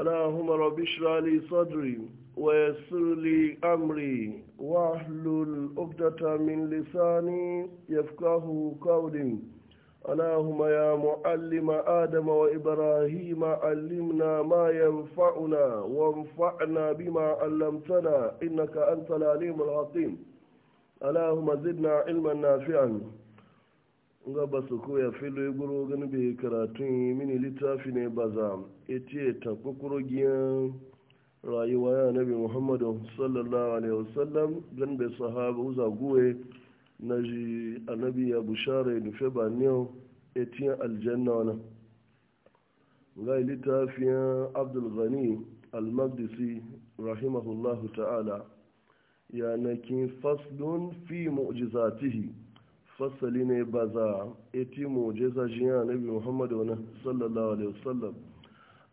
اللهم رب اشرح لي صدري ويسر لي امري واحلل عقدة من لساني يفقه قولي اللهم يا معلم ادم وابراهيم علمنا ما ينفعنا وانفعنا بما علمتنا انك انت العليم الحكيم اللهم زدنا علما نافعا nga ba su ko ya filo ya guro gani bai karatun mini littafi ne ba za a ce ta rayuwa ya nabi muhammadu sallallahu alaihi wasallam gan bai sahaba uza guwe na ji annabi ya bushara ya nufe ba ne aljanna wani ga littafin abdul ghani al-maqdisi rahimahullahu ta'ala ya nakin faslun fi mu'jizatihi fasali ne ba za a ti mujesa shi yana nabi muhammad wani sallallahu alaihi wasallam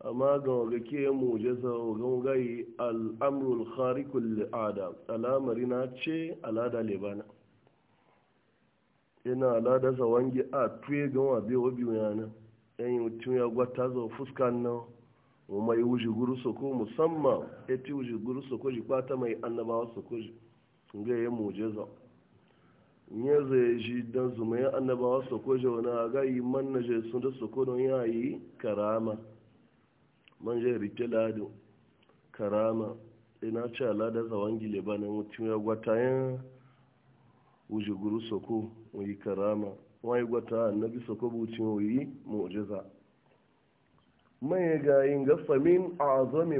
amma ga waga ke mujesa ga gai al'amrul kharikul ada al'amari na ce al'ada lebana yana al'ada sa wange a tuye ga wa biyu biyu yana yan yi mutum ya gwata zo fuska nan mai wuji guru soko musamman eti wuji guru soko ji kwata mai annabawa soko ji ga ya mujesa ya zai ji don zuma ya annabawa su ko jauna ga yi manna na je sun da su kodon don ya yi karama man je rike ladu karama ina e ce alada tsawon gile ba na mutum ya gwata ya wuce guru soko yi karama wani gwata annabi soko bucin yi mu'jiza mai ga yin gafa min a azami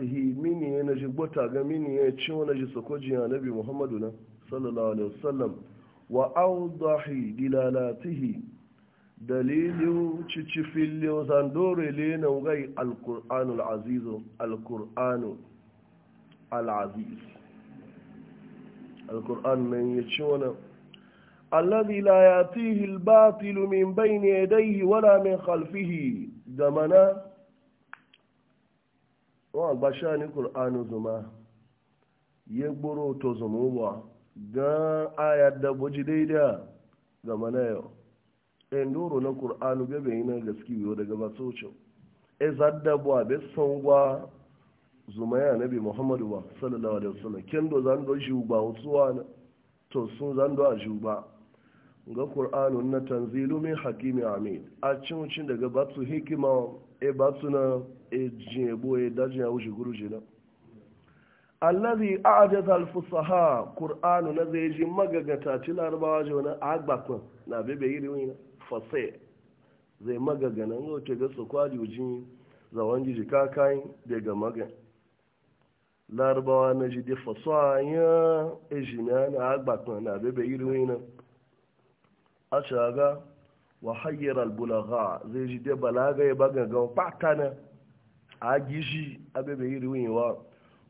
yi mini ya na ji gwata ga mini ya ci wani ji soko jiya annabi muhammadu nan sallallahu alaihi wasallam wa awdahi dilalatihi dalilin cicifin leozan dore lena gai alkur'an al'azizu alkur'an al'aziz alkur'an nan ya ci wani allazi la ya tihil batilu min bayni yadayhi wala min khalfihi da mana wa bashani qur'anu zuma ya gboro to zumuwa ga ayar da buji daidai ga mana yau ɗan doro na ƙur'anu gabe yi na gaske yau daga masocin e zadda bu a bai san gwa zumaya na bi muhammadu ba sallallahu alaihi wasallam kendo zan do shi ba wa na to sun zan do a shi ba ga ƙur'anu na tanzilu min hakimi amin a cin daga batu hikima e batu na e jin ebo e dajin ya wuce guru na allazi a'jaza al-fusaha qur'anu na zai ji magagata ci larabawa ji wani agbakon na bebe yiri wani fase zai magaga nan ga ke ga su kwali uji zawan ji kakai daga maga larabawa na ji da fasaha ya ejina na agbakon na bebe yiri wani a shaga wa hayyar al-bulagha zai ji da balaga ya bagagan patana a gishi abebe yiri wani wa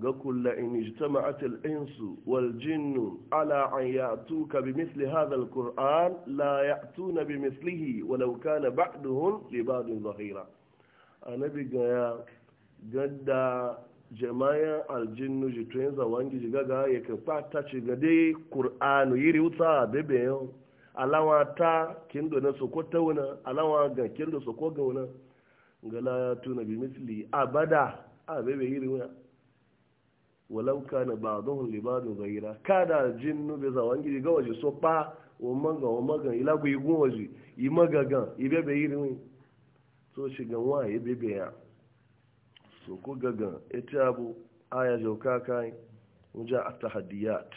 ga kulla in ijtama'at al-insu wal jinnu ala an ya'tuka bi mithli hadha al-qur'an la ya'tuna bi mithlihi walau kana ba'duhum li ba'din zahira annabi ga gadda jama'a aljinnu ji tun zawangi ji gaga ya kan fata ci ga dai qur'anu yiri wuta bebe yau alawa ta kindo na soko tauna alawa ga kindo soko gauna ga la ya'tuna bi mithli abada a bebe yiri wuta walau kana ba'dhum li ba'dhin ghayra kada jinnu be zawangi ga waje so pa o manga o maga ila go igun waje i maga gan ibe be irin so shigan wa ibe be ya so ko gaga eti abu aya jauka kai wuja at-tahaddiyat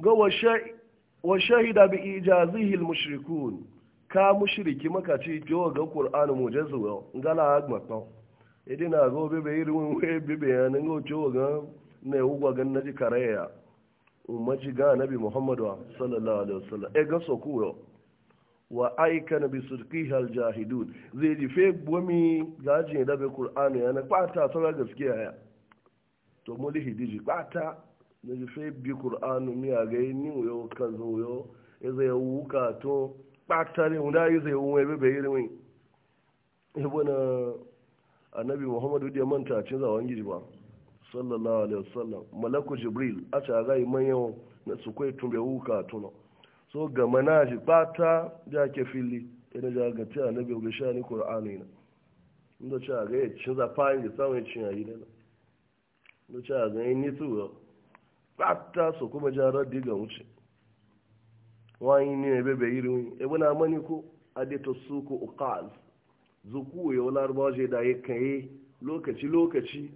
ga wa shahida bi ijazihi al-mushrikun ka mushriki makaci to ga qur'an mujazu gala agma idi na ga obebe irin ya na ya wugwa gan umarci ga nabi muhammadu sallallahu alaihi e wa aika na bisurki haljahidun zai ji gomi ya dabe ya na kwata sauran gaskiya ya a ya wuka to kwata ne wunda yi annabi muhammadu da manta cin zawon gidi ba sallallahu alaihi wasallam malaku jibril a ta gai manyan na su kai tumbe wuka tuno so ga manaji bata da ke fili ina ja ga ta annabi ga shani qur'ani na inda ta ga ya cin za fa yin samu cin yayi da inda ta ga yin nitu bata su kuma jarar diga wuce wani ne bebe irin ebuna mani ko adeto suku uqaz zuku ya wani arbaje da ya kaye lokaci-lokaci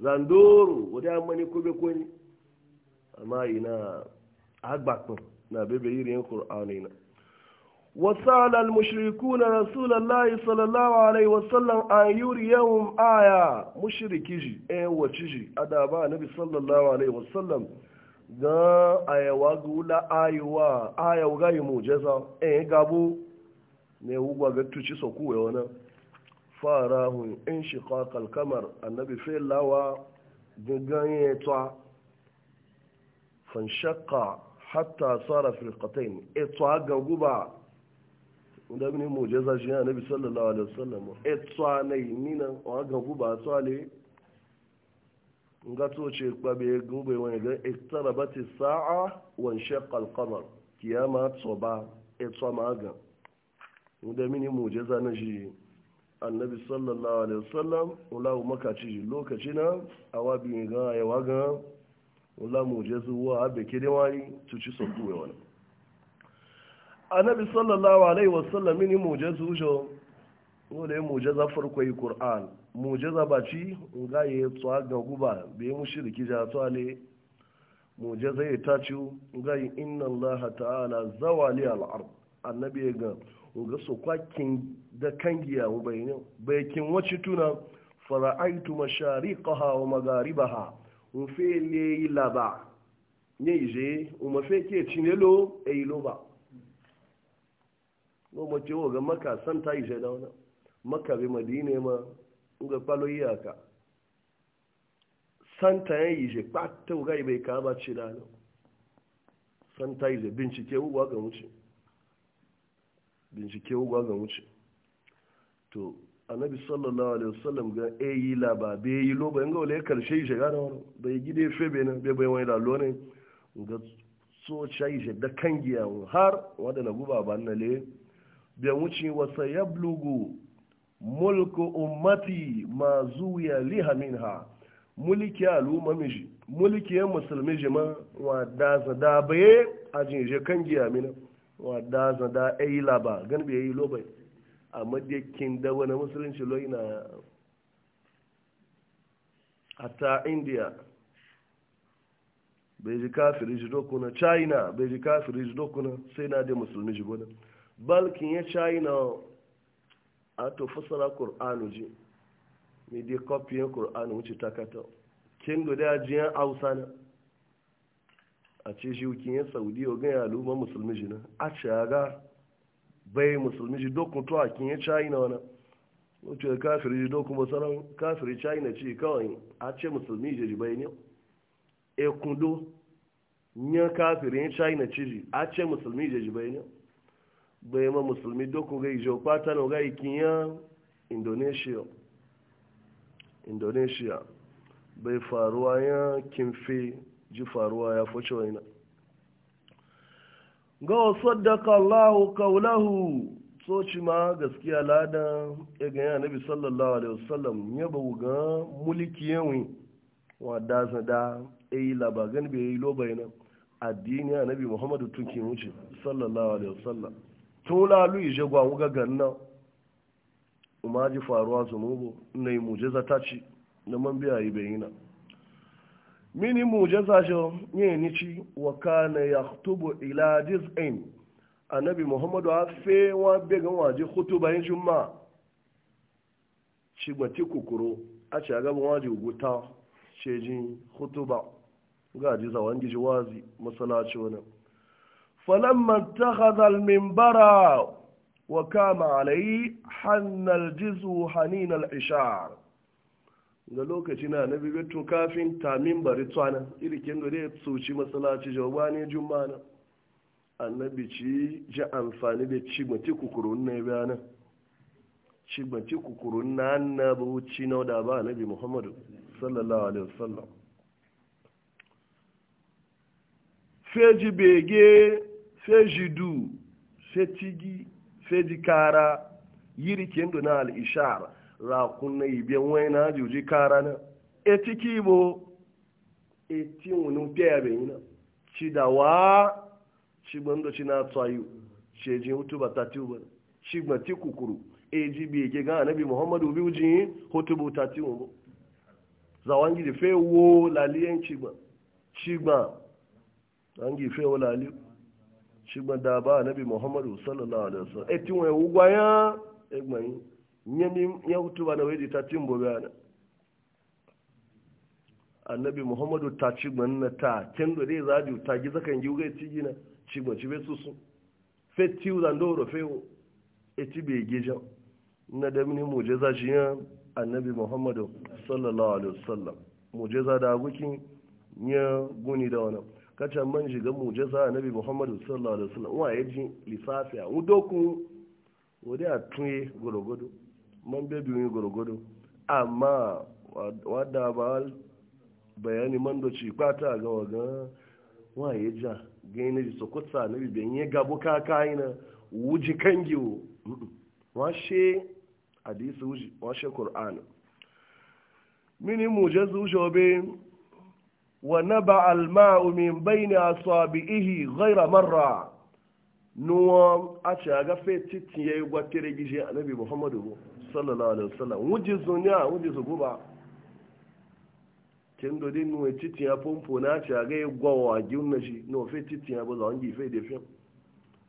zandoro wata yamma ne kobe kone amma ina agbakon na bebe irin kur'an na. Wasu al-mushriku na rasulallah sallallahu alaihi wasallam an yuri yawon aya mushriki ji waciji, wace ji adaba na bi sallallahu alaihi wasallam ga ayawa gula ayawa ayawa ga yi mu jesa ɗayan gabo ne hugwa ga tuci sa kuwa wani farahun in shiƙa kalkamar annabi felawa ganye Fan fanshakka hatta tsara filkatain etuwa ga guba da mini mujaza shi ya nabi sallallahu alaihi wasallam etuwa na yi ninan wa ga guba tuwa ne ga to ce kwabe gube wani ga ba bati sa'a wan shakka alkamar kiyama tsoba etuwa ma ga da mini mujaza na shi annabi sallallahu alaihi wasallam ulawu makaci lokaci na awa biyu ga ya waga ulamu je zuwa abe kede wani tuci sokuwe wani annabi sallallahu alaihi wasallam mini mujazu ujo mu mujaza farko yi qur'an mujaza baci ga ya tsawa ga guba be mushriki ja mu mujaza ya taciu ga inna allaha ta'ala zawali al-ard annabi ya ga ga so kwakin da kangiya wa bayani bayakin wacce tuna fara'aitu mashariqaha wa magharibaha un fe le laba ne je un ma fe ke cinelo e iloba no mo je wo ga maka san ta je da wannan maka be madina ma un ga palo iyaka san ta yi je patta ga ibe ka ba ci da no san ta ije bincike wa ga mutum bincike ugwa ga wuce to annabi sallallahu alaihi wasallam ga e yi la ba be yi lo ba nga wala karshe yi ga da wani da yi gide be na be bai wani da lo ne ga so shi shi da giya har wanda na guba ba na le be wuce wa sayablugu mulku ummati ma zuya liha minha mulki al'umma miji mulki ya musulmi jima wa da da baye a jinje giya mina wadda zan da yi laba gani bai yi lobai a madakin da wani musulunci loyi na ta india bai ji kafiri ji dokuna china bai ji kafiri ji dokuna sai na da musulmi ji gona balkin ya china a to fasara kur'anu ji mai dai kofiyan kur'anu wuce takatau kin guda jiyan hausa na a ce shi hukin ya saudi o ganya al'umma musulmi shi na a ce a ga bai musulmi shi dokun to a kin ya china wani wato ya kafiri shi dokun basaran kafiri china ce kawai a ce musulmi shi bai ne e kundo nya ya china ce shi a ce musulmi shi bai ne bai ma musulmi dokun ga ijo kwata na ga ikin ya indonesia indonesia bai faruwa ya kimfe ji faruwa ya fashe waina ga wasaddaka Allahu kaulahu soci ma gaskiya ladan ya ga yana nabi sallallahu alaihi wasallam ya bau ga mulki yawin wa da ya yi laba gan be yi loba na addini ya nabi muhammadu tunki wuce sallallahu alaihi wasallam tun lalu ije gwa wuga ganna ji faruwa zunubu na yi mujiza ta ci na man biya yi bayina mini mujaza jo nye nici wa ya yaktubu ila jiz'in annabi muhammadu a fe wa be waje khutuba yin juma cigbati kukuru a ci agaban waje guta shejin khutuba ga ji zawon giji wazi masalaci wani falamma takhadha al-minbara wa kama alayhi hanna jizu hanina al-ishar ga lokaci na na bibitun kafin tamin bari tsanan irikin gari ya tsoci masalaci jawaba ne juma na annabi ci ji amfani da cigbanci kukurun na ya nan cigbanci kukurun na annabi wuci na da ba annabi muhammadu sallallahu alaihi wasallam feji bege feji du fetigi feji kara yirikin na al'ishara rakun na ibe wani na juji kara na eti kibo eti wani fiye bai na ci da wa ci bando ci na tsayu ce ji hutu ba ta tiwo ba ci ma ti kukuru eji bi ke ga anabi muhammadu bi uji hutu ba ta tiwo ba zawangi da fe wo laliyan ci ba ci ba zangi fe wo laliyan ci ba da ba anabi muhammadu sallallahu alaihi wasallam eti wani wugwaya egbayin nyami ya hutuba na wedi tatin bobe ana annabi muhammadu ta ci na ta kendo dai zaji ta gi zakan gi ugai ci gina ci gban ci besu su fe ti u zando ro fe e ti be geja na da mini mujiza shi ya annabi muhammadu sallallahu alaihi wasallam mujiza da gukin ya guni da wannan kacha man shiga mujiza annabi muhammadu sallallahu alaihi wasallam wa yaji lisafiya udokun wodi atunye gorogodo man bai biyu gwargwado amma wadda ba bayani man da ci kwata ga waga waye ja gai na ji a na bibiyan yi gabo kaka na wuji kangiwo washe hadisi wuji washe qur'an mini mujazu shobe wa naba al-ma'u min bayni asabihi ghayra marra nuwa a ce a gafe titin ya yi gwatere gishe annabi muhammadu sallallahu alaihi wasallam wuji zuniya wuji su guba kin dodi nuwa titi ya pompo na ce a ga yi gwawa gimna shi nuwa fe titin ya baza wangi fe da fiyan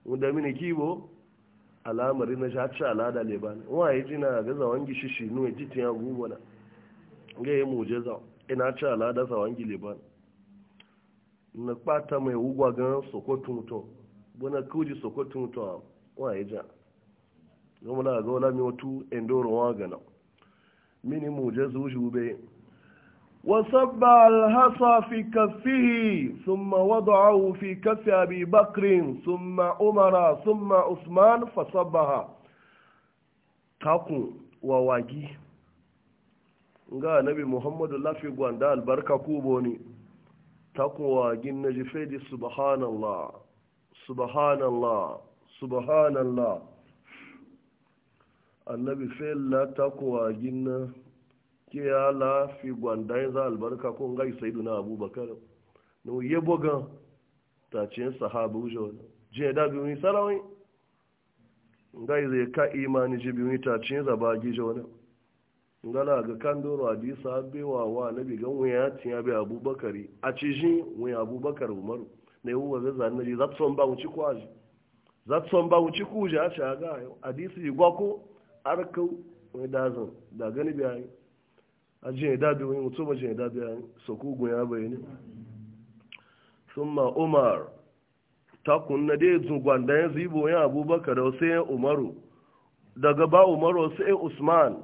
wanda mini kibo alamari na shi hacci alada leban wa yi jina ga zawangi shishi nuwa titi ya gubo na ga yi mujeza ina ci alada zawangi leban na kpata mai wugwa gan sokoto mutum buna kuri sokotin to wa ija goma la go la mi wotu endoro wa gana mini mu je zu jube wa sabba al hasa fi kaffihi thumma wada'ahu fi kaff abi bakr thumma umara thumma usman fa sabbaha taku wa wagi nga nabi muhammadu lafi gwanda albarka kuboni Taku wa na jifedi subhanallah subhanallah subhanallah annabi fela takowa gina ke ya lafi gwandayin za albarka ko ngai saiduna abubakar na uye boga ta ce sahaba wuce wani je da biyu ni sarawai ngai zai ka imani ji biyu ta ce zaba gije wani ngala ga kan doro hadisa bewa wa nabi gan wuya tiya be abubakari a cijin wuya abubakar umaru na yi wuwa gaza na ji zatson ba wuci kwaji zatson ba wuci kuji a shaga hadisi ji gwako arkau wani dazan da gani biyayi a jini dabi wani mutum a jini dabi yayi sokogun ya bayani summa umar takun na dai zugwan da yanzu ibo yan abubakar sai umaru daga ba umaru sai usman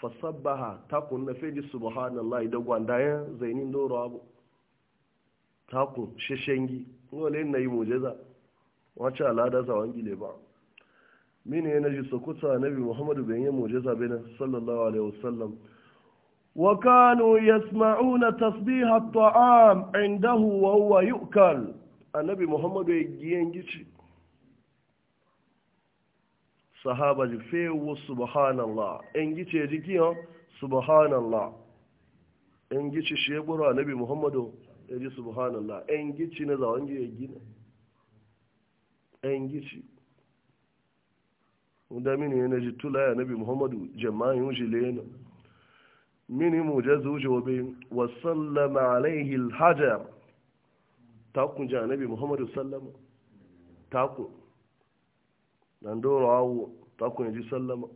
fasabbaha takun na feji subhanallahi da gwandayen zainin doro abu takun sheshengi wale na yi mujeza wacce al'ada za wangi ne ba mini yana ji sokuta nabi muhammadu bin yi mujeza bin sallallahu alaihi wasallam wa kanu yasma'una tasbiha at'am indahu wa huwa yu'kal annabi muhammadu ya giyan gici sahaba ji fewo subhanallah en gice jikiyan subhanallah en gici shi ya gbura annabi muhammadu ya subhanallah ‘yan gici na zawon ya gina ‘yan gici da mini yana ji tula ya nabi muhammadu jama'in wuce lena mini mu ja zuce wabe wa sallama alaihi hajar takun ja nabi muhammadu sallama takun dan doro awo takun ya ji sallama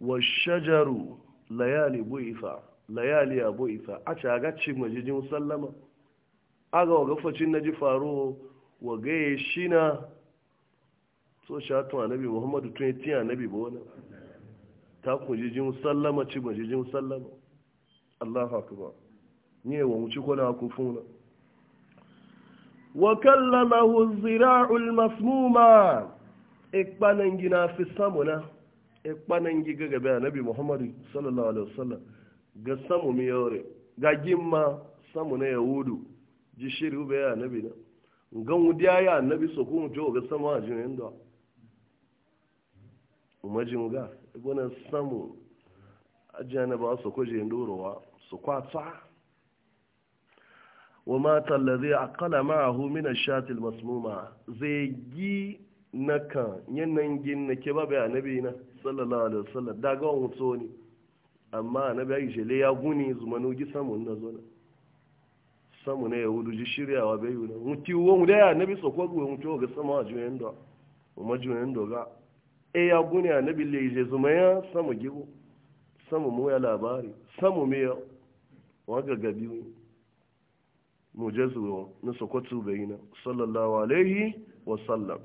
wa shajaru layali bu'ifa layali ya bu'ifa a ci a gacci majijin sallama aga wa gafacin na ji faro wa gaye shi na so sha tun anabi muhammadu tun yi anabi ba wani ta kunjijin sallama ci kunjijin sallama allahu akbar ne wa wuce kwana ku funa wa kallamahu zira'ul ulmasmuma ikpanan e gina fi samuna ikpanan e giga gabe anabi muhammadu sallallahu alaihi wasallam ga samu miyore ga gimma samu na yahudu jishiru shiri ya nabi na gan wudiya ya nabi so ko mutu ga sama a jinin da umajin ga gona samu ajiya na ba so ko je ndorowa su kwatsa wa mata a aqala ma'ahu min ash-shati al-masmuma zai gi naka yanan gin na ke babu annabi na sallallahu alaihi wasallam daga wani so ne amma annabi ya jele ya guni zumanu gisa mun na na samu na yahudu ji shiryawa bai yi nan mutu wo mu daya nabi sokwa go mutu ga sama juyen do mu majuyen do ga e ya gune a nabi je zuma ya samu gibo samu mu labari samu miya, ya ga gabi mu je zuwa na sokwa tu yi na sallallahu alaihi wa sallam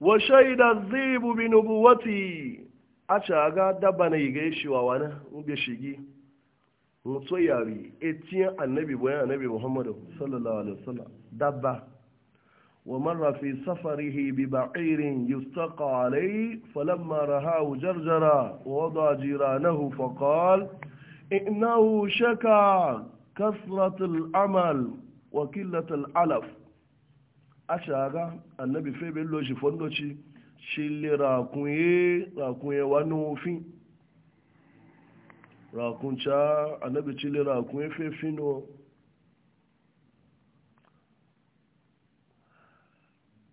wa shaida zibu bi nubuwati a ga dabba na yi gaishewa wani ube shigi mutu yari etiyan annabi bayan annabi muhammadu sallallahu alaihi wasallam dabba wa marra fi safarihi bi ba'irin yustaqa alayhi falamma rahahu jarjara wa wada jiranahu fa qala innahu shaka kasrat al-amal wa qillat al-alaf ashaga annabi fe be loji fondochi shille rakunye rakunye wanu fin rakun ca anabi cile rakun efe fino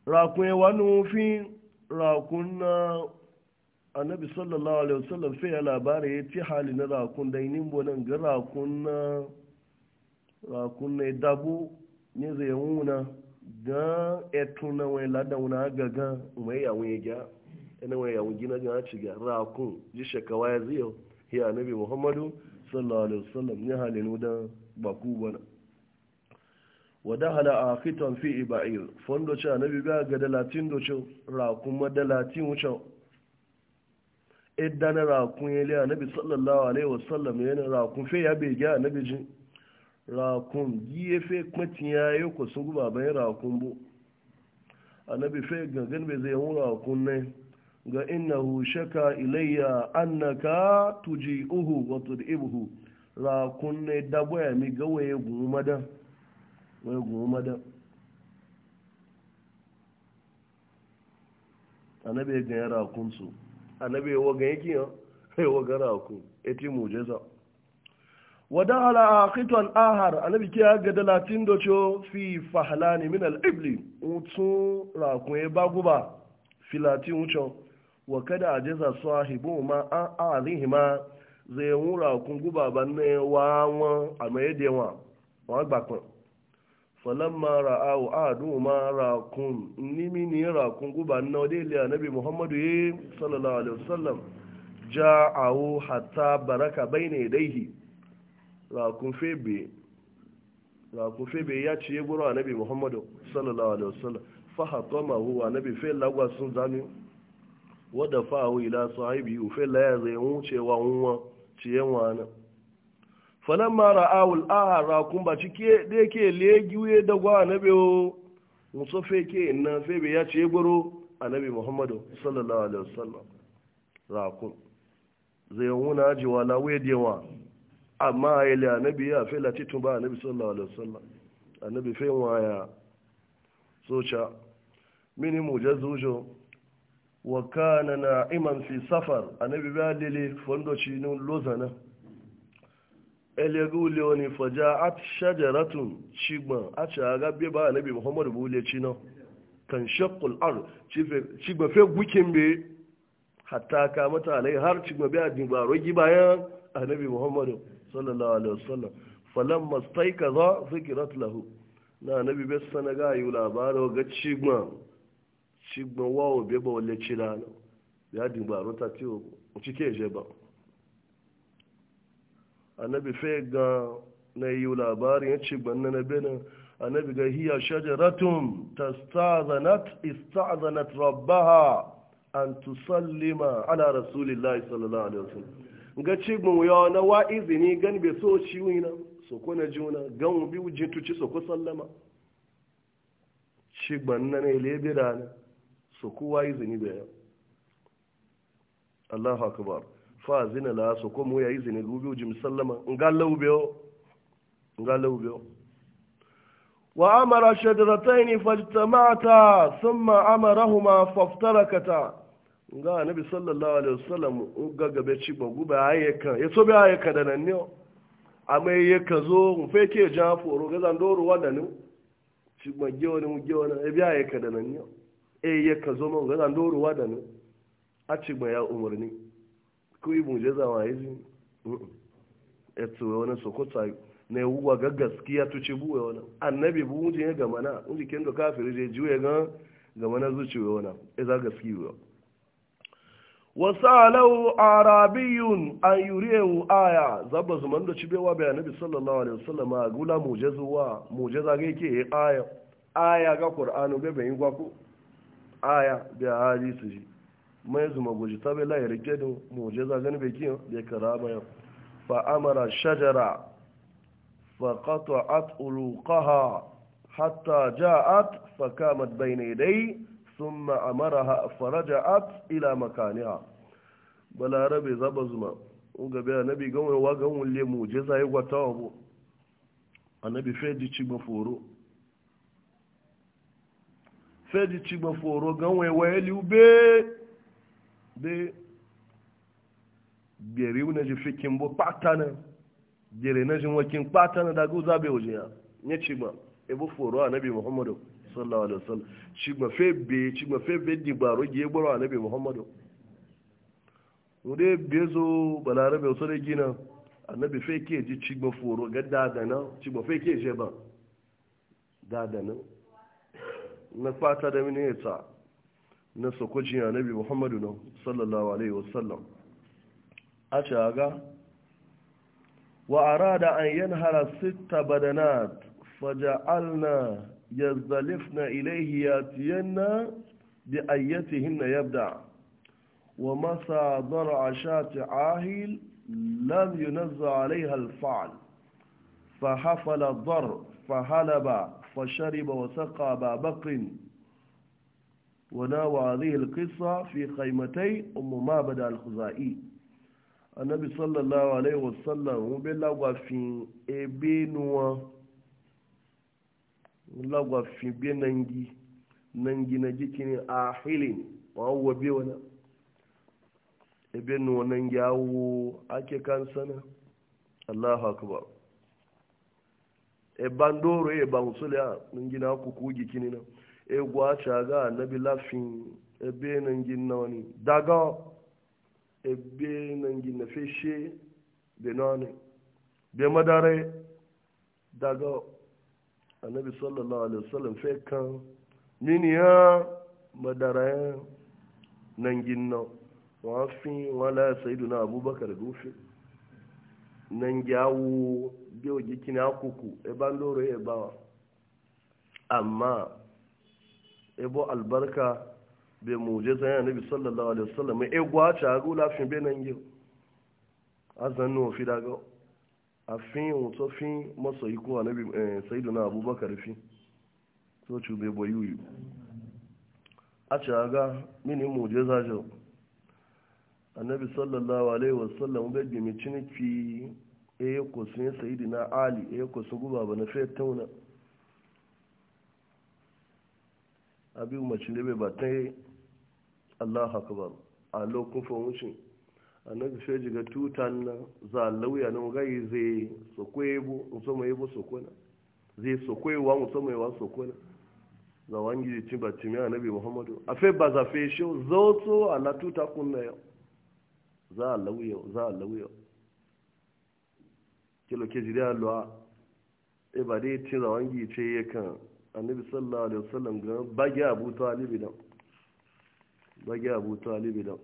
rakun ewa nufin rakun na anabi sallallahu alaihi wasallam fi ya labari ya ci hali na rakun da yinin bonan ga rakun na rakun na dabu ne zai wuna ga etu na wani ladan wani gaga mai yawon ya gya ina wani yawon gina gina ci ga rakun ji shakawa ya ziyo ya nabi muhammadu sallallahu alaihi wasallam ya halin da baku bana wada hala a fitan fi iba'ir fondoce nabi ga ga dalatin doce rakun madalatin wucin idan rakun ya liya nabi sallallahu alaihi wasallam yana rakun fe ya bege a nabi jin rakun giye fe kmatin ya yi ku sun guba bayan rakun bu a nabi fe gangan bai zai yi rakun ne ga innahu shaka ilayya annaka tuji'uhu wa tud'ibuhu la kunne daboya mi ga waye gumada waye gumada anabe ga yara kunsu anabe ga yake yo sai ga ra ku eti mujiza wada ala aqitan ahar anabi ke ga da latin docho fi fahlani min utu ra ku e baguba filatin wucin wa kada a jaza sahibu ma an azihi ma zai wura kun guba ba ne wa wọn almayede wa wọn gba kan falamma ra'awu adu ma rakun nimi ni rakun guba na wadai liya nabi muhammadu ye sallallahu alaihi wasallam awo hata baraka bai ne rakun febe rakun febe ya ciye gura nabi muhammadu sallallahu alaihi wasallam fa huwa nabi fe lagwa sun wadda fa'awo ila sahibi ufe ya zai wucewa nwa ciye wana na. mara awul aha kun ba cike da yake legiwe da gwa anabi o musa feke na febe ya ce gwaro anabi muhammadu sallallahu alaihi wasallam rakun zai wuna jiwa na wa. amma a ile anabi ya fe lati tun ba anabi sallallahu alaihi wasallam anabi fe waya socha mini mujazujo Wakana na iman fi safar annabi ba lele fondo ci nun lozana elegu leoni faja'at shajaratun chigba a ga be ba annabi muhammad bule ci no kan shaqqul ard chigba fe gukin be hatta ka mata alai har chigba biya adin ba rogi bayan annabi muhammad sallallahu alaihi wasallam falamma staikaza zikrat lahu na annabi be sanaga yi labarin ga chigba ci gbọn wá òbí bọ̀ ọ lẹ́tí la lọ bí a dìgbà àrùntà tí o ti kí ẹ̀jẹ̀ bá. anábì fẹ́ gan na yi labari ti gbọ́n gbọn na náà anábì gan hí hiya ratun ta stazanat rabaha rabbaha an tusallima ala rasulillah sallallahu alaihi sallam. nga ci gbọn ya na wá izini gan bẹ so ci wina so ko na wuna, gan bi wujin tuci so ko sallama ci gbọn na ne bi da na so kowa yi zini bai Allahu akbar fa zina la so ko mu ya yi zini gubi uji musallama nga lawbe nga lawbe wa amara shadratain fajtama'ata thumma amarahuma faftarakata nga nabi sallallahu alaihi wasallam ga gabe ci ba gube ayyuka ya so bi ayyuka da nan ne amma ya ka zo mu fake ja foro ga zan doro wadannu ci ba ne mu gewani ya bi ayyuka da nan ne e ya ka zo man gaza wa da ne a ci ya umarni ko ibun je za wa yi wani sokota na yawuwa gaskiya tu buwe wani annabi bu mun ga mana mun je kendo kafir je juye ga ga mana zuci wa wani e za arabiyun an aya zaba zuman da cibewa bai annabi sallallahu alaihi wasallam mujaza ga aya aya aya da su ji mai zuma guji ta bai layar muje mujiza gani bai kiyan da karama yau fa amara shajara fa qata'at uruqaha hatta ja'at fa kamat bayna yaday thumma amaraha faraja'at ila makaniha balarabe zaba zuma uga bai nabi ganwa wa ganwa le mujiza ya gwata wa bu annabi fe feji cigba foro gan waiwaye liube be gbere na ji fi bo pata na gbere na ji wakin pata na daga uzabe wajen ya nye cigba ebo foro anabi muhammadu sallallahu alaihi wasallam cigba fe be cigba fe be digbaro gi egboro anabi muhammadu wode bezo balarabe wasu da gina anabi fe ke ji cigba foro ga dadana cigba fe ke je ba dadana na fata da mini ta na sokojin annabi muhammadu na sallallahu alaihi wasallam a shaga wa arada an yanhara sita badanat faja'alna yazdalifna ilayhi yatiyanna bi ayyatihinna yabda' ومسى ضرع شاة عاهل لم ينزع عليها الفعل فحفل الضر فحلب فشرب وسقى أبا بكر وناوى هذه القصة في خيمتي أم معبد الخزائي النبي صلى الله عليه وسلم بلغ في إبنوا lagwa fi bi nangi nangi na jikin a hilin wawo bi wani ebe nangi ake kan sana allahu akbar e bandoro e ba musule a ngina ku ku gi kinina e gwa chaga annabi lafin e be na ginna wani daga e be na ginna feshe be nani be madare daga annabi sallallahu alaihi wasallam fe kan nini ya madara nan ginna wa fi wala sayyiduna abubakar gufin nan gyawo biyo jikin akuku eba loro eba amma ebo albarka be muje zan yana nabi sallallahu alaihi wasallam e gwacha go lafin be nan gyo azan no fi dago afin o to fin maso iku anabi eh, sayyiduna abubakar fi to chu be boyu a chaga mini muje zajo annabi sallallahu alaihi wasallam ga jimi ciniki eh ko sun sayidi na ali eh ko sun guba bana fe tauna abi umacin da bai batai Allah akbar a lokacin fahimci annabi sai jiga tutan na za lauya na gai zai sokwebo musamman yabo sokona zai sokwewa musamman yawa sokona za wangi ba cimba cimi annabi muhammadu a fe ba za fe shi zo to ala tuta kunna yau za a lauyo za a lauyo kilo ke jiri alwa e ba dai cin wangi ce ya kan annabi sallallahu alaihi wasallam ga bagi abu talibi dan bagi abu talibi dan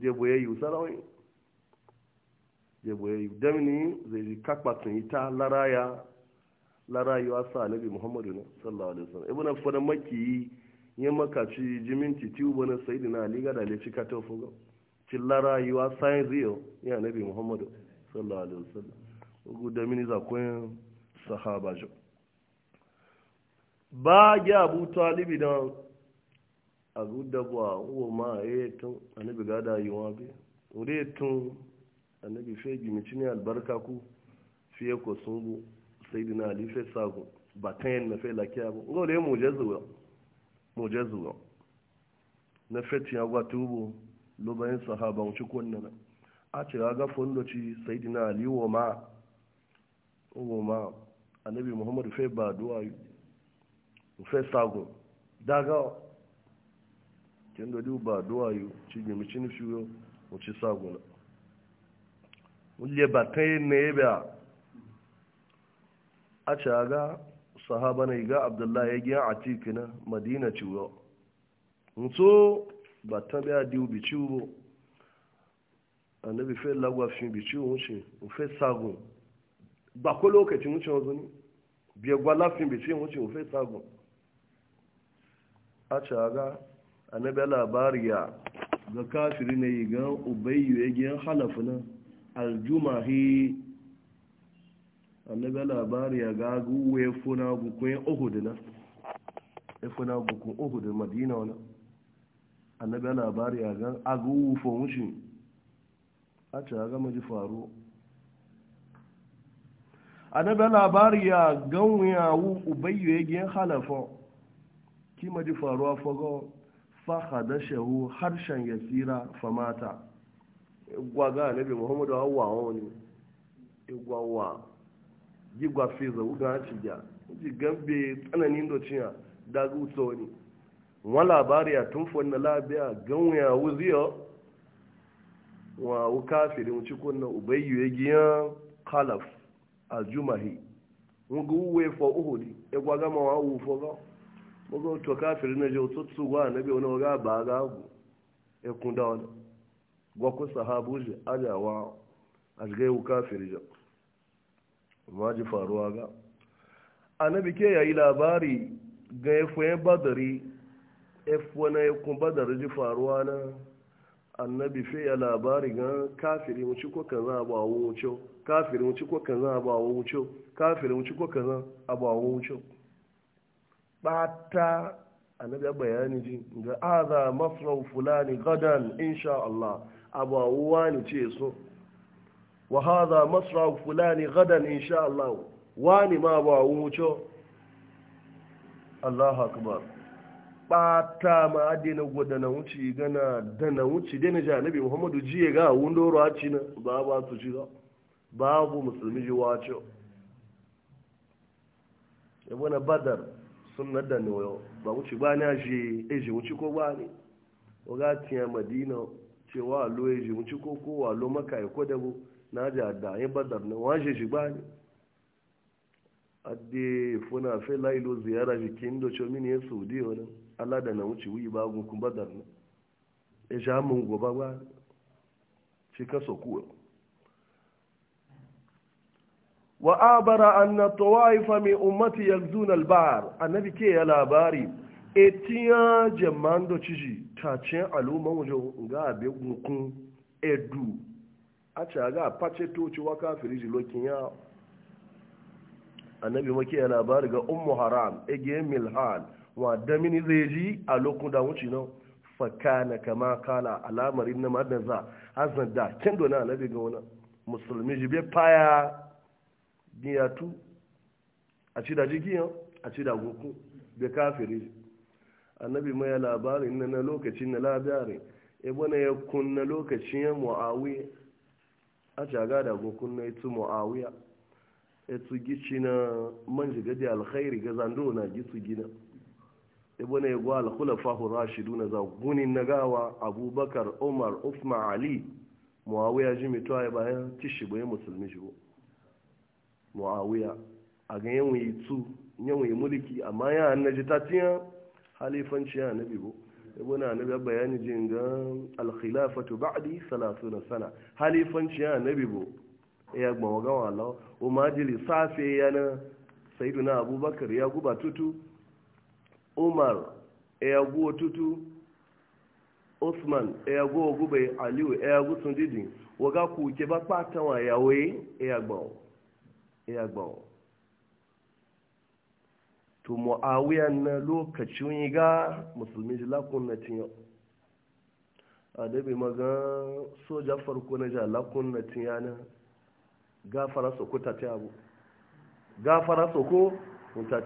je boye yu sarawai je boye yu damni zai ji yi ita laraya larayu sa annabi muhammadu na sallallahu alaihi wasallam ibn e fadan maki ya makaci jiminti tiwo na sayyidina ali ga da le cikata fugo cilla rayuwa sayin riyo ya nabi muhammadu sallallahu alaihi wasallam ugu da mini zakon sahaba jo ba ga abu talibi don abu da ba uwa ma ya tun anabi gada yi wa bi wuri tun anabi fe gimici ne albarka ku fiye ko sun bu sai dina ali fe sago ba ta yin na fe lakiya ba ngole mu jazuwa mu na fe tiya gwa tubu lobayin sahaba wuce kwanan a ce ga fondoci sai dina ali ma ma annabi muhammad fe ba duwa fe sago daga kin da du ba duwa yu ci gimi cin fiyo wuce sago na ulle ba kai ne ba a ce ga sahaba na ga abdullahi ya gina a tikina madina ciwo Nso. ba ta di diu bi ciwo annabi fe lagwa fi bi ciwo wuce fe sagun ba ko lokacin wuce wanzu ne biya gwala fi bi ciwo wuce fe sagun a ce aga annabi labari ya ga kafiri na yi gan ubayyu ya e giyan halafu na aljumahi annabi labari ya ga guwe funa bukun ohudu na efu funa bukun ohudu madina wani annabi ya labari a gan agufo wuce a ce a gama ji faru annabi ya labari a gan ya wu ubayyo ya gyan halafa kima ji faru a fago faka da shehu harshen ya tsira famata igwa ga annabi muhammadu hawa wani igwa wa gigwa feza wuga ci ya ji gambe tsananin dociya daga wuta wani wọn labari a tun fonna labiya gan ya wuziyo wa wuka firin cikon na ubayyu ya giyan kalaf aljumahi wọn ga uwe fo uhudi ya gwaga ma wa uwu fo ga mugo to kafir na je to tsu wa nabi wani ga ba ga gu ya kunda wani gwa ku sahabu je ajawa azgai wuka firja ma ji faruwa ga annabi ke yayi labari ga ya foyen badari f wani ya kuma da raji faruwa na annabi fi ya labari ga kafiri mu ci ko kaza abu a wuce kafiri mu ci ko kaza abu a wuce kafiri mu ci ko kaza abu a wuce bata annabi ya bayani ji ga aza masrau fulani gadan insha Allah abawuwa ne wani ce so wa haza masrau fulani gadan insha Allah wani ma ba a wuce Allahu akbar ɓata ma adi na gwada na wuce gana da na wuce dai na janabi muhammadu jiye ga wun doro a ci na ba ba su ci ga babu musulmi ji wace yabo na badar sun na da noyo ba wuce ba na ji eji wuce ko ba ne o ga tiya madina cewa lo eji wuce ko ko maka ya ko da bu na ji adda yin badar na waje shi ba ne adde funa fe lailo ziyara jikin da comini ya wani Allah da na wuce wuyi ba gun kun badar ne e ja mun goba ba ci ka so ku wa abara an tawaifa min ummati yakzuna albar annabi ke ya labari etiya jamando ciji ta ce al'umman wajo ga be gukun edu a ce ga to ci wa firiji lokin ya annabi make ya labari ga ummu haram ege milhan wa da mini zai ji a lokacin da wuce nan na kama kala alamarin na madan za azan da kin dona na ga wani musulmi ji be paya tu a ci da jikin a ci da goku be kafiri annabi mai labarin na lokacin na labarin ibn ya kunna lokacin muawi a caga da gokun na itu muawiya itu gici na manjigadi alkhairi ga zando na gitu gina ibn alkhula fahu khulafahu rashiduna za gunin nagawa abubakar umar usman ali muawiya jimi to yi bayan tishi boye musulmi shi muawiya a ga yan yi tu yan yi mulki amma ya annaji tatiya halifanci ya nabi bo ibn annabi bayani jin ga al-khilafatu ba'di 30 sana halifanci ya nabi bo ya gbawa gawa Allah o majili safe yana sayyiduna abubakar ya guba tutu umar eyagu otutu usman eyagu ogube aliyu eyagu sundidi waga ku ke ba pata wa yawe eyagbọn eyagbọn to mu'awiyan na lokaci yi ga musulmi ji lakun na tiyo adabi maga soja farko na ja lakun na gafara soko ta ta gafara soko ta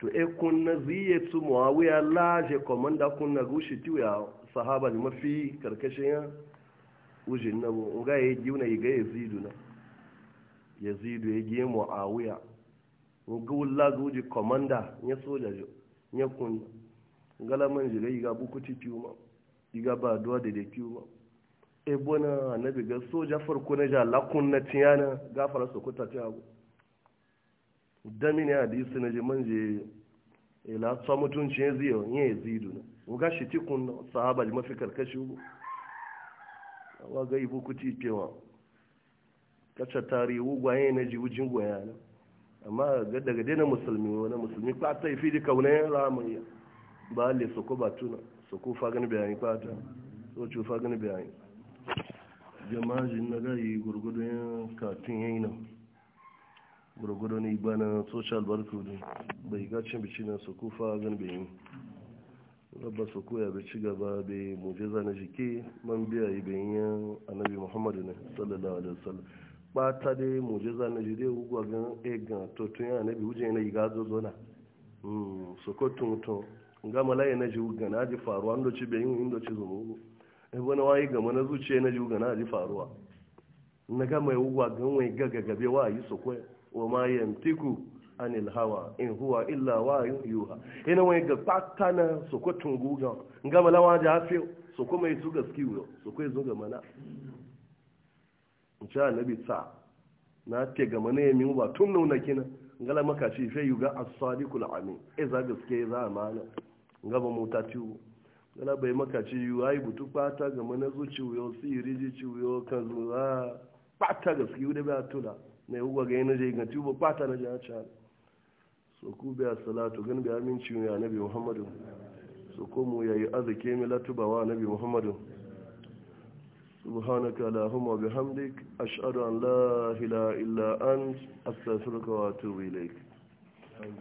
to e kunna ziye tu muawiya laje komanda kunna gushi tiwa sahaba ne mafi karkashin ya ujin na mu e e ga ya giuna ya ga zidu na zidu ya e giye muawiya ga wulla zuji komanda ya soja jo ya kunna galaman jiga iga bukuti tiwa ma iga ba duwa da da tu ma e bona bi ga soja farko na ja na tiyana gafara su kuta tiyago damini hadisi na je manje ila sa mutuncin ya ziyo ya ya zidu na muga shi tikun sahaba ji mafi karkashi ugu wa ga ibu kuti cewa kacha tari ugwa yin na ji ujin gwaya na amma ga daga dai na musulmi wani musulmi kwata ya fi di kaunayen ya ba le soko ba tuna soko fagani bayani kwata so ci fagani bayani jama'ajin na gayi gurgudun katin yayi nan gurgudu ne bana social ne bai gacin bici na su kufa gan yi. rabba su koya bai ci gaba bai mujiza na jike man biya yi a annabi muhammadu ne sallallahu alaihi wasallam ba ta dai mujiza na jide gugwa gan egan to tun ya annabi wuje na yi gazo na su ko tuntun ga malaye na ji wuga na ji faruwa ndo ci yi ndo ci zumu ebe na wayi gama na zuciya na ji wuga na ji faruwa na ga mai gugwa gan wai gagagabe gabe wa yi su koya wa ma yantiku anil hawa in huwa illa wayu yuha ina wani ga patana su ko tunguga ga malawa da fi su kuma mai su gaski wuro su ko zo ga mana insha annabi sa na te ga mana yemi ba tun nuna kina ngala maka shi fe yuga as-sadiqul amin e za gaske za amana ngaba mota ciwo ngala bai maka ci yu ai butu pata ga mana zuciyo siriji ciwo kan zuwa ah, pata gaske da ba tula na yi ugwa ga yana jai ganti ba kwata na jiya can so ku biya salatu gani biya aminci ya nabi muhammadu so ko mu yayi arziki mi latubawa nabi muhammadu سبحانك اللهم وبحمدك أشهد أن لا إله إلا أنت أستغفرك وأتوب إليك الحمد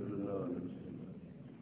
لله